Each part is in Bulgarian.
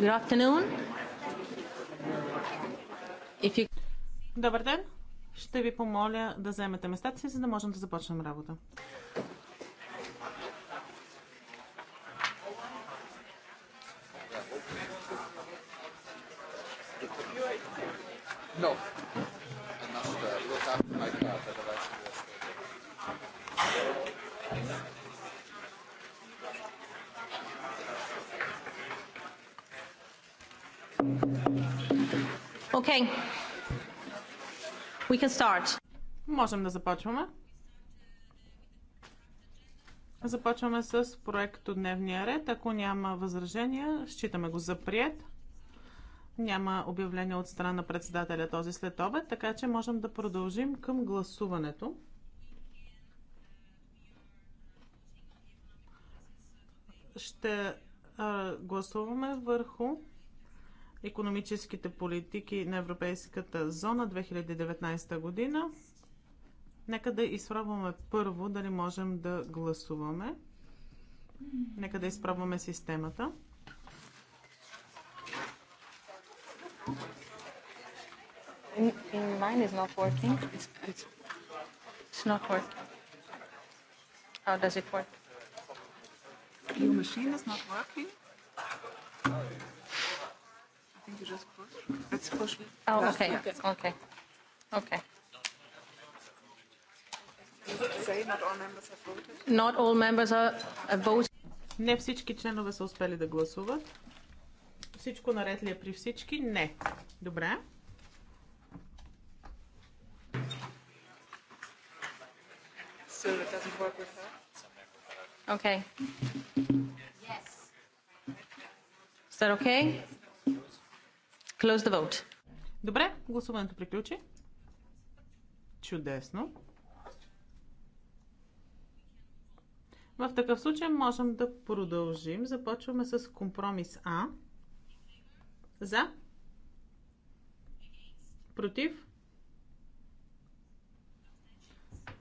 Good afternoon. If you... Добър ден! Ще ви помоля да вземете местата си, за да можем да започнем работа. can start. Можем да започваме. Започваме с проекто дневния ред. Ако няма възражения, считаме го за прият. Няма обявление от страна на председателя този след обед, така че можем да продължим към гласуването. Ще а, гласуваме върху економическите политики на Европейската зона 2019 година. Нека да изпробваме първо дали можем да гласуваме. Нека да изпробваме системата. mine is not working. It's, it's, it's not working. How does it work? Your machine is not working? think you just push. Let's push. Oh, okay. Okay. Okay. Say not all members are, are Не всички членове са успели да гласуват. Всичко наред ли е при всички? Не. Добре. Okay. Yes. Is that okay? Yes. Close the vote. Добре, гласуването приключи. Чудесно. В такъв случай можем да продължим. Започваме с компромис А. За. Против.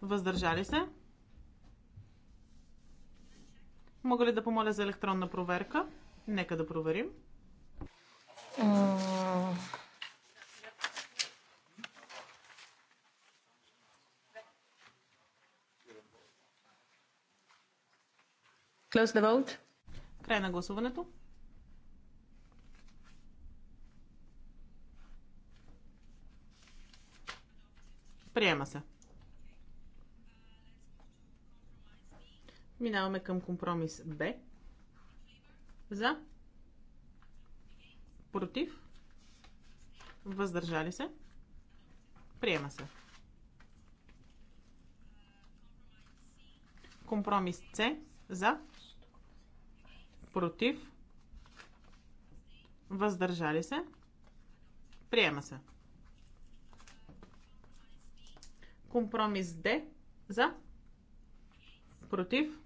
Въздържали се. Мога ли да помоля за електронна проверка? Нека да проверим. Close the vote. Край на гласуването. Приема се. Минаваме към компромис Б. За. Против? Въздържали се? Приема се. Компромис С. За. Против. Въздържали се. Приема се. Компромис Д. За. Против.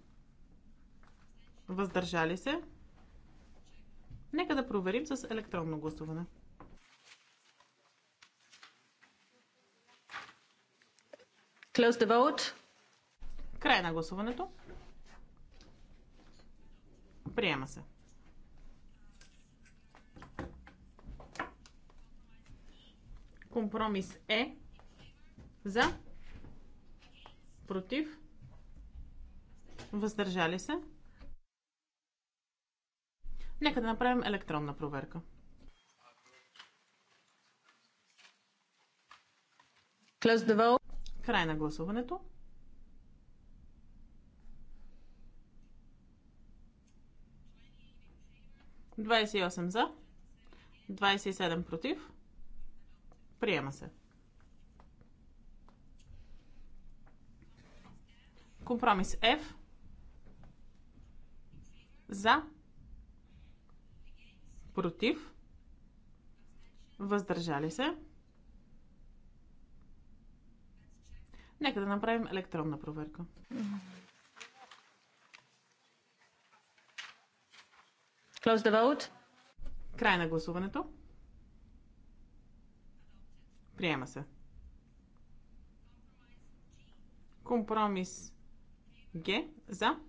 Въздържали се. Нека да проверим с електронно гласуване. Close the vote. Край на гласуването. Приема се. Компромис е за, против, въздържали се, Нека да направим електронна проверка. Край на гласуването. Двадесет за. 27 против. Приема се. Компромис F. За против, въздържали се. Нека да направим електронна проверка. Close the vote. Край на гласуването. Приема се. Компромис Г за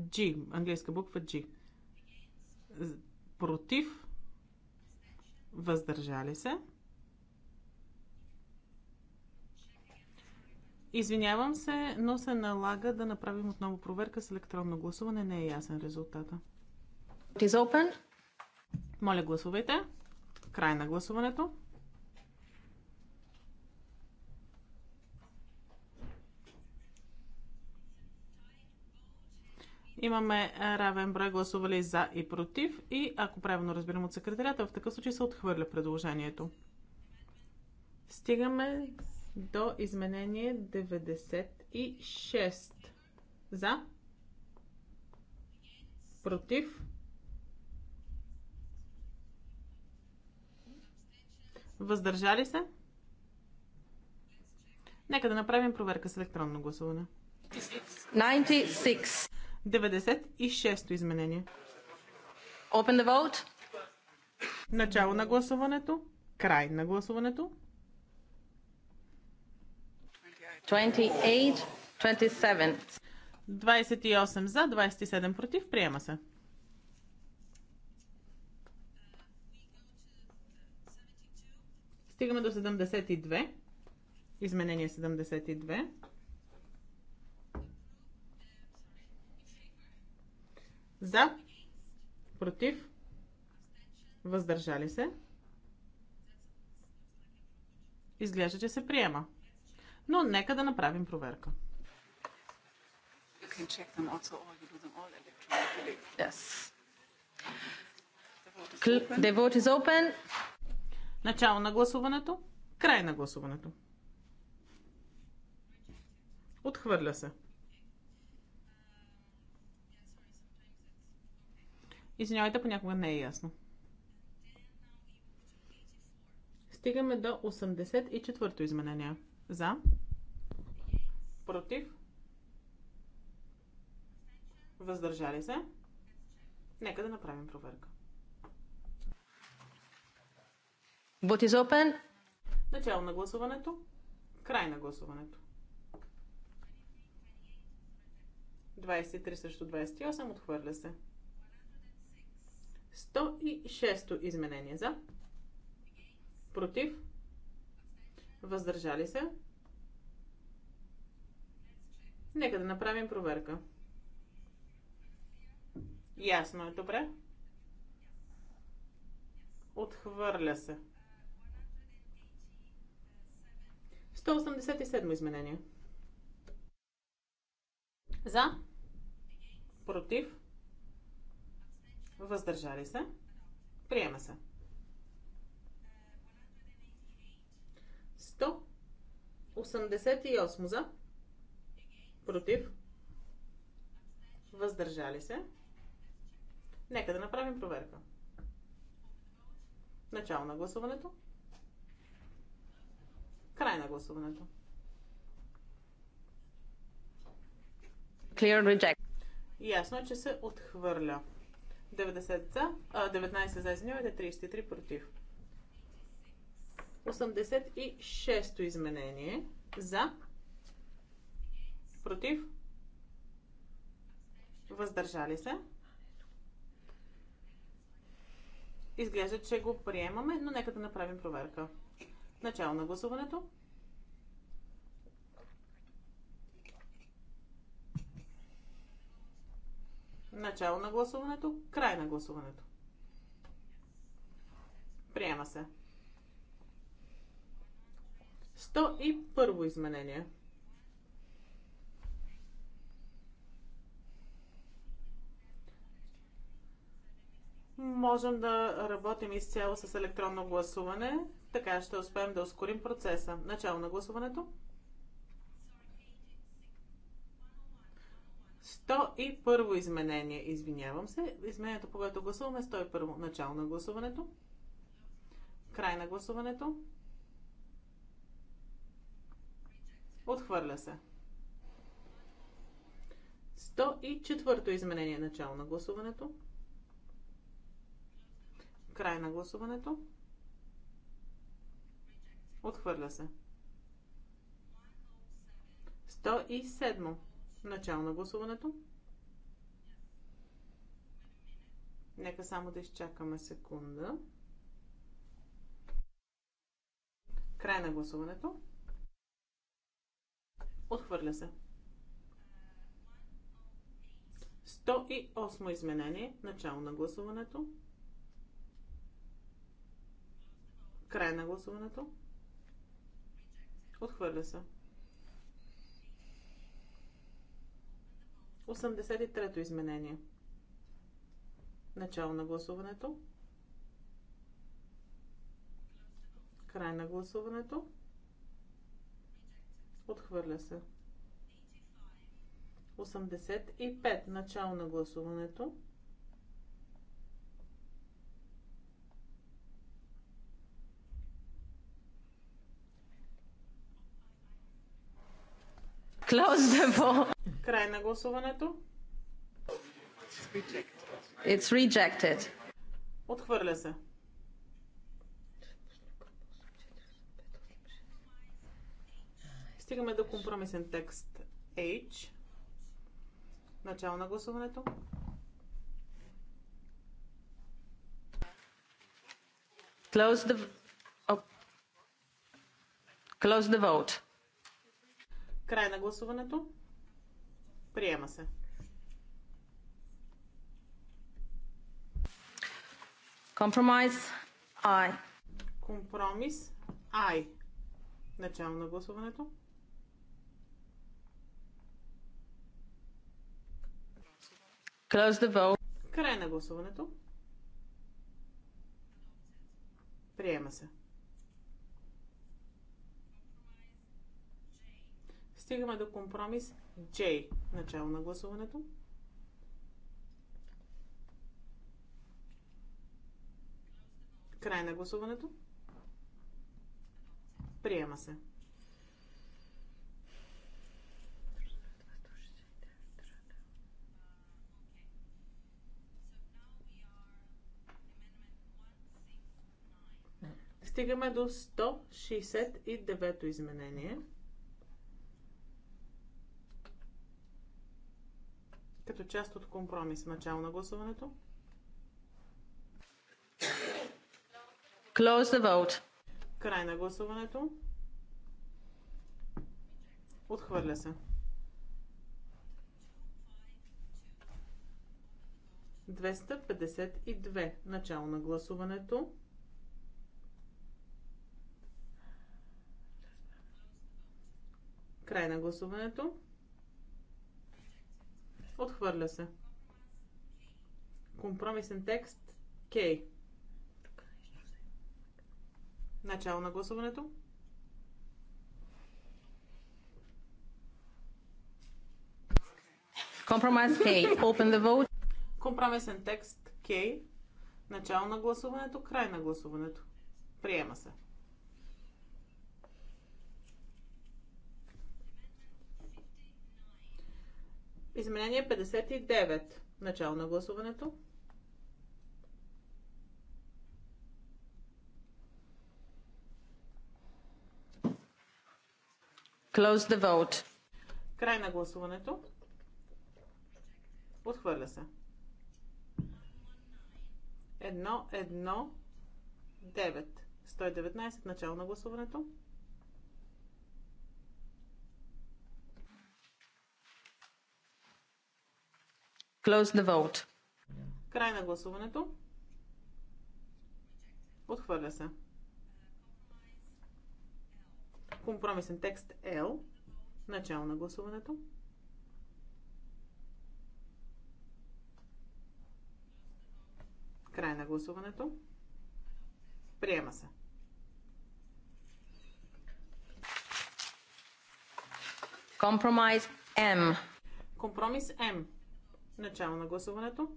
G, английска буква G против, въздържали се. Извинявам се, но се налага да направим отново проверка с електронно гласуване. Не е ясен резултата. It is open. Моля, гласувайте. Край на гласуването. Имаме равен брой гласували за и против и ако правилно разбирам от секретарята, в такъв случай се отхвърля предложението. Стигаме до изменение 96. За? Против? Въздържали се? Нека да направим проверка с електронно гласуване. 96. 96-то изменение. Open the vote. Начало на гласуването. Край на гласуването. 28, 27. 28 за, 27 против. Приема се. Стигаме до 72. Изменение 72. За. Против. Въздържали се. Изглежда, че се приема. Но нека да направим проверка. The vote is open. Начало на гласуването. Край на гласуването. Отхвърля се. Извинявайте, понякога не е ясно. Стигаме до 84-то изменение. За. Против. Въздържали се. Нека да направим проверка. Вот is open. Начало на гласуването. Край на гласуването. 23 срещу 28 отхвърля се. 106 изменение за. Против. Въздържали се. Нека да направим проверка. Ясно е, добре. Отхвърля се. 187 изменение. За. Против. Въздържали се. Приема се. 188 за. Против. Въздържали се. Нека да направим проверка. Начало на гласуването. Край на гласуването. Clear reject. Ясно е, че се отхвърля. 90 за, а, 19 за, извинявайте, 33 против. 86-то изменение за, против, въздържали се. Изглежда, че го приемаме, но нека да направим проверка. Начало на гласуването. Начало на гласуването, край на гласуването. Приема се. 101 изменение. Можем да работим изцяло с електронно гласуване, така ще успеем да ускорим процеса. Начало на гласуването. 101 изменение, извинявам се. Изменението, по което гласуваме, 101 начало на гласуването. Край на гласуването. Отхвърля се. 104 изменение, начало на гласуването. Край на гласуването. Отхвърля се. 107. Начало на гласуването. Нека само да изчакаме секунда. Край на гласуването. Отхвърля се. 108 изменение. Начало на гласуването. Край на гласуването. Отхвърля се. 83-то изменение. Начало на гласуването. Край на гласуването. Отхвърля се. 85. Начало на гласуването. Close the Край на гласуването. It's rejected. Отхвърля се. Стигаме до компромисен текст H. Начало на гласуването. Close the, oh. Close the vote. Край на гласуването. Приема се. Компромис Ай. Компромис Ай. Начало на гласуването. Close the vote. Край на гласуването. Приема се. Стигаме до компромис J. Начало на гласуването. Край на гласуването. Приема се. Стигаме до 169 изменение. като част от компромис. Начало на гласуването. Close the vote. Край на гласуването. Отхвърля се. 252. Начало на гласуването. Край на гласуването. Отхвърля се. Компромисен текст Кей. Начало на гласуването. Компромис K. Open the vote. Компромисен текст Кей. Начало на гласуването, край на гласуването. Приема се. Изменение 59. Начало на гласуването. Close the vote. Край на гласуването. Отхвърля се. Едно, едно, девет. 119. Начало на гласуването. Close the vote. Край на гласуването. Отхвърля се. Компромисен текст L. Начало на гласуването. Край на гласуването. Приема се. Компромис М. Компромис М. Начало на гласуването.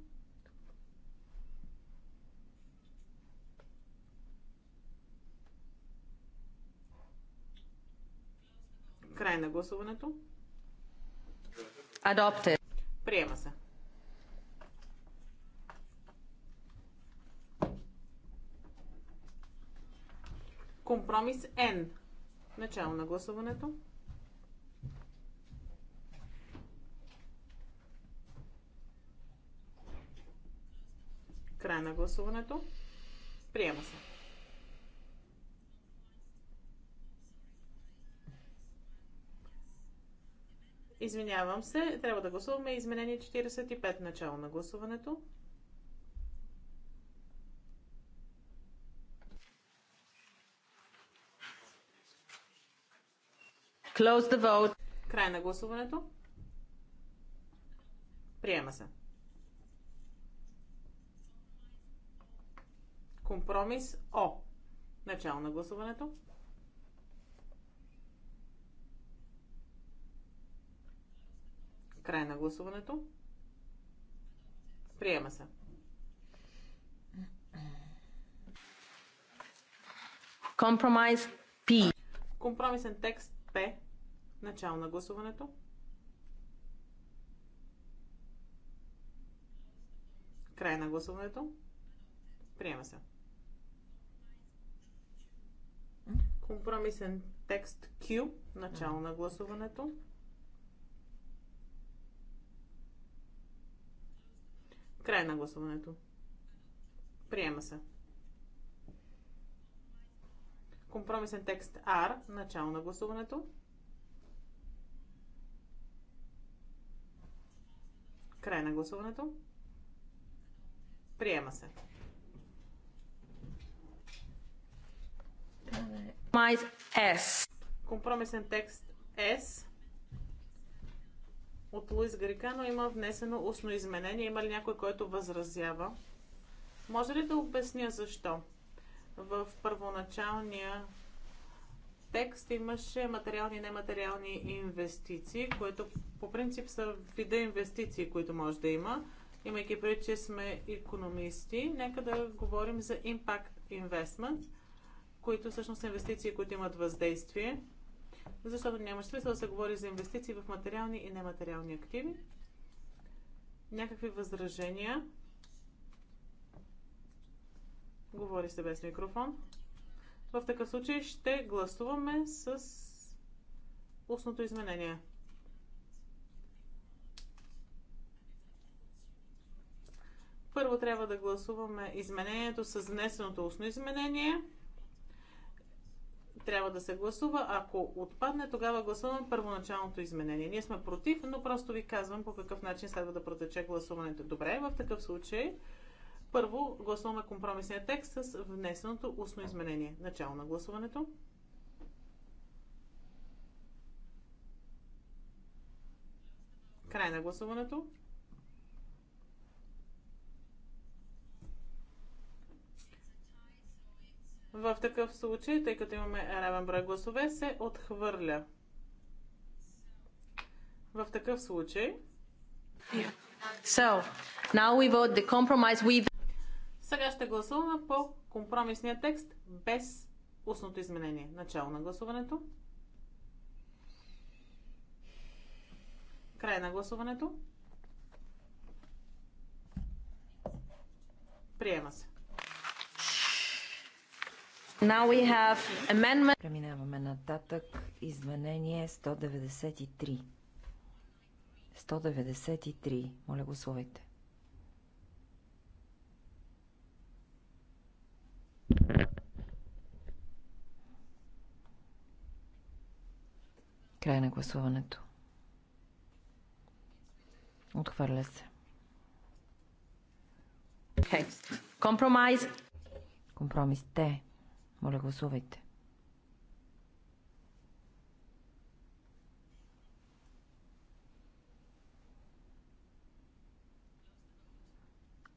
Край на гласуването. Adopted. Приема се. Компромис N. Начало на гласуването. Край на гласуването. Приема се. Извинявам се, трябва да гласуваме изменение 45, начало на гласуването. Close the vote. Край на гласуването. Приема се. Компромис О. Начало на гласуването. Край на гласуването. Приема се. Компромис П. Компромисен текст П. Начало на гласуването. Край на гласуването. Приема се. Компромисен текст Q, начало на гласуването. Край на гласуването. Приема се. Компромисен текст R, начало на гласуването. Край на гласуването. Приема се. S. Компромисен текст С от Луис Грика, но има внесено устно изменение. Има ли някой, който възразява? Може ли да обясня защо? В първоначалния текст имаше материални и нематериални инвестиции, които по принцип са вида инвестиции, които може да има. Имайки преди, че сме економисти, нека да говорим за Impact Investment – които всъщност са инвестиции, които имат въздействие, защото няма смисъл да се говори за инвестиции в материални и нематериални активи. Някакви възражения? Говори се без микрофон. В такъв случай ще гласуваме с устното изменение. Първо трябва да гласуваме изменението с внесеното устно изменение – трябва да се гласува. Ако отпадне, тогава гласуваме първоначалното изменение. Ние сме против, но просто ви казвам по какъв начин следва да протече гласуването. Добре, в такъв случай първо гласуваме компромисния текст с внесеното устно изменение. Начало на гласуването. Край на гласуването. В такъв случай, тъй като имаме равен брой гласове, се отхвърля. В такъв случай. Сега ще гласуваме по компромисния текст без устното изменение. Начало на гласуването. Край на гласуването. Приема се. Преминаваме нататък. Изменение 193. 193. Моля, словете. Край на гласуването. Отхвърля се. Okay. Компромис. те. Моля, гласувайте.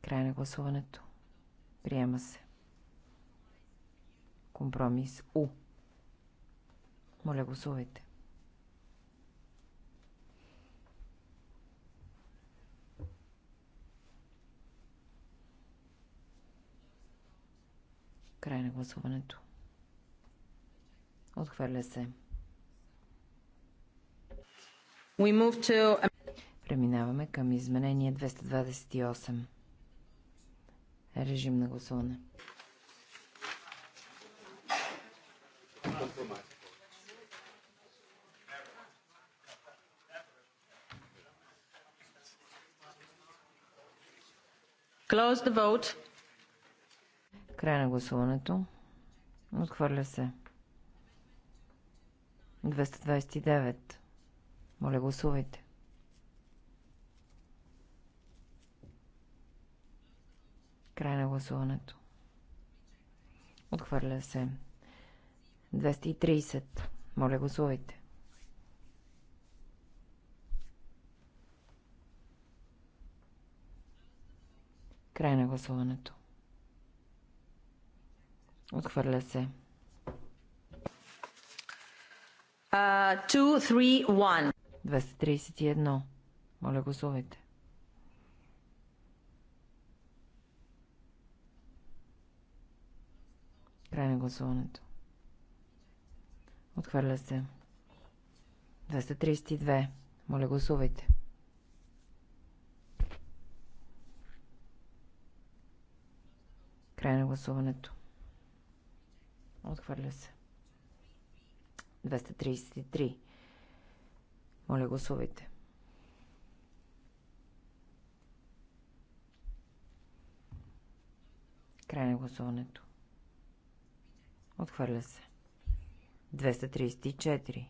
Край на гласуването. Приема се. Компромис У. Моля, гласувайте. Край на гласуването. Отхвърля се. To... Преминаваме към изменение 228. Режим на гласуване. Close the vote. Край на гласуването. Отхвърля се. 229. Моля, гласувайте. Край на гласуването. Отхвърля се. 230. Моля, гласувайте. Край на гласуването. Отхвърля се. Uh, 3, 1. 231. Моля, гласувайте. Край на гласуването. Отхвърля се. 232. Моля, гласувайте. Край на гласуването. Отхвърля се. 233. Моля, гласувайте. Край на гласуването. Отхвърля се. 234.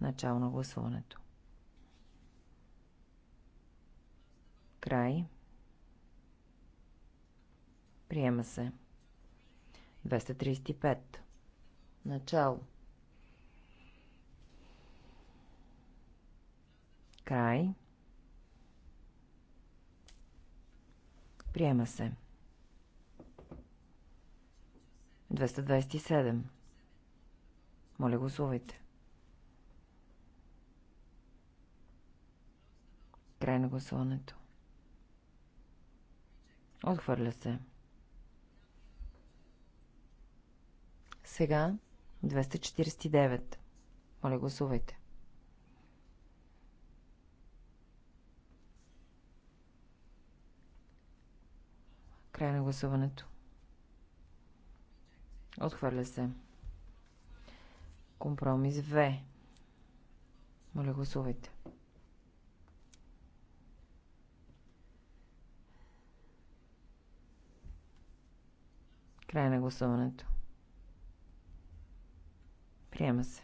Начало на гласуването. Край. Приема се. 235. Начало. Край. Приема се. 227. Моля, гласувайте. Край на гласуването. Отхвърля се. Сега 249. Моля, гласувайте. Край на гласуването. Отхвърля се. Компромис В. Моля, гласувайте. Край на гласуването. Приема се.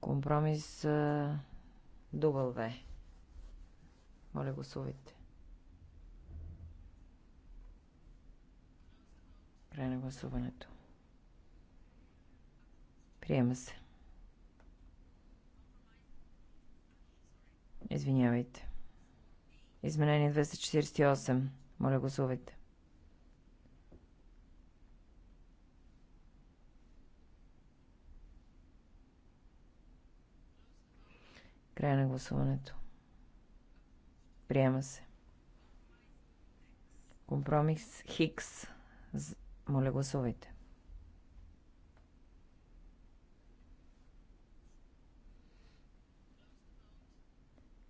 Компромис дубъл В. Моля, гласувайте. Край на гласуването. Приема се. Извинявайте. Изменение 248. Моля, гласувайте. Край на гласуването. Приема се. Компромис Хикс. Моля, гласувайте.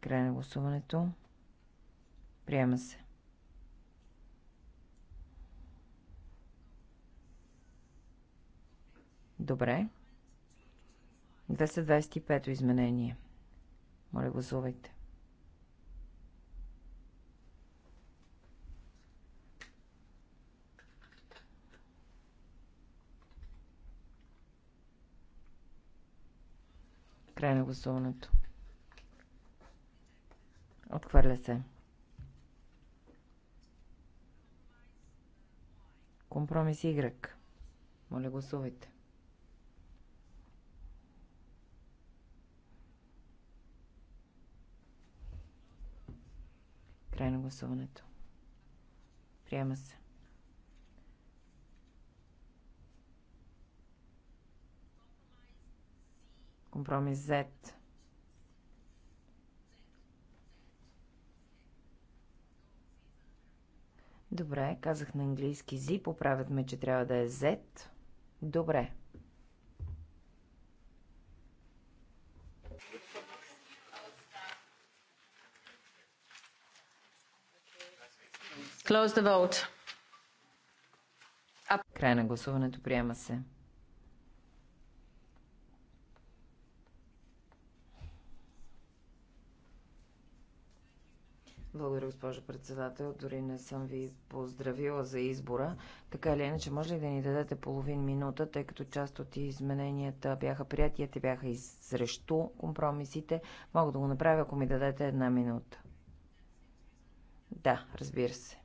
Край на гласуването. Приема се. Добре. 225 изменение. 225. Моля, гласувайте. Край на гласуването. Отхвърля се. Компромис Y. Моля, гласувайте. Край на гласуването. Приема се. Компромис Z. Добре, казах на английски Z, поправят ме, че трябва да е Z. Добре. Close the vote. Up. Край на гласуването приема се. Благодаря, госпожо председател. Дори не съм ви поздравила за избора. Така или иначе, може ли да ни дадете половин минута, тъй като част от измененията бяха приятия, те бяха и срещу компромисите. Мога да го направя, ако ми дадете една минута. Да, разбира се.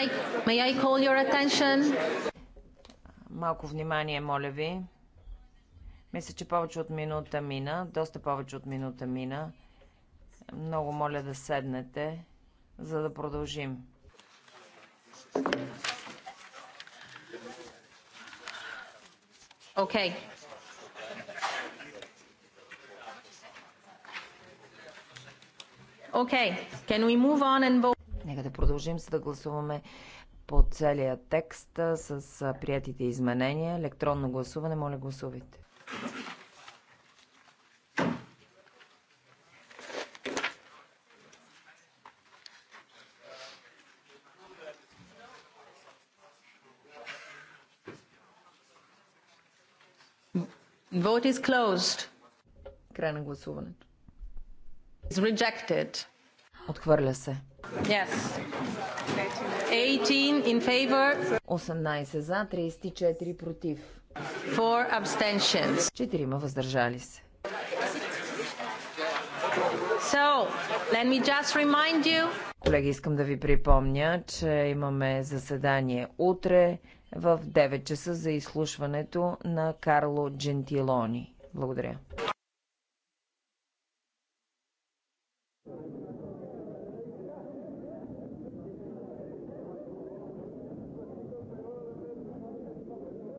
I, may I call your attention? Малко внимание, моля ви. Мисля, че повече от минута мина, доста повече от минута мина. Много моля да седнете, за да продължим. Окей. Okay. Okay. Can we move on and vote? Нека да продължим, за да гласуваме по целия текст с приятите изменения. Електронно гласуване, моля гласувайте. Vote is closed. Край на гласуването. It's rejected. Отхвърля се. Yes. 18 in favor. 18 за, 34 против. 4 abstentions. 4 въздържали се. So, let me just remind you. Колеги, искам да ви припомня, че имаме заседание утре в 9 часа за изслушването на Карло Джентилони. Благодаря.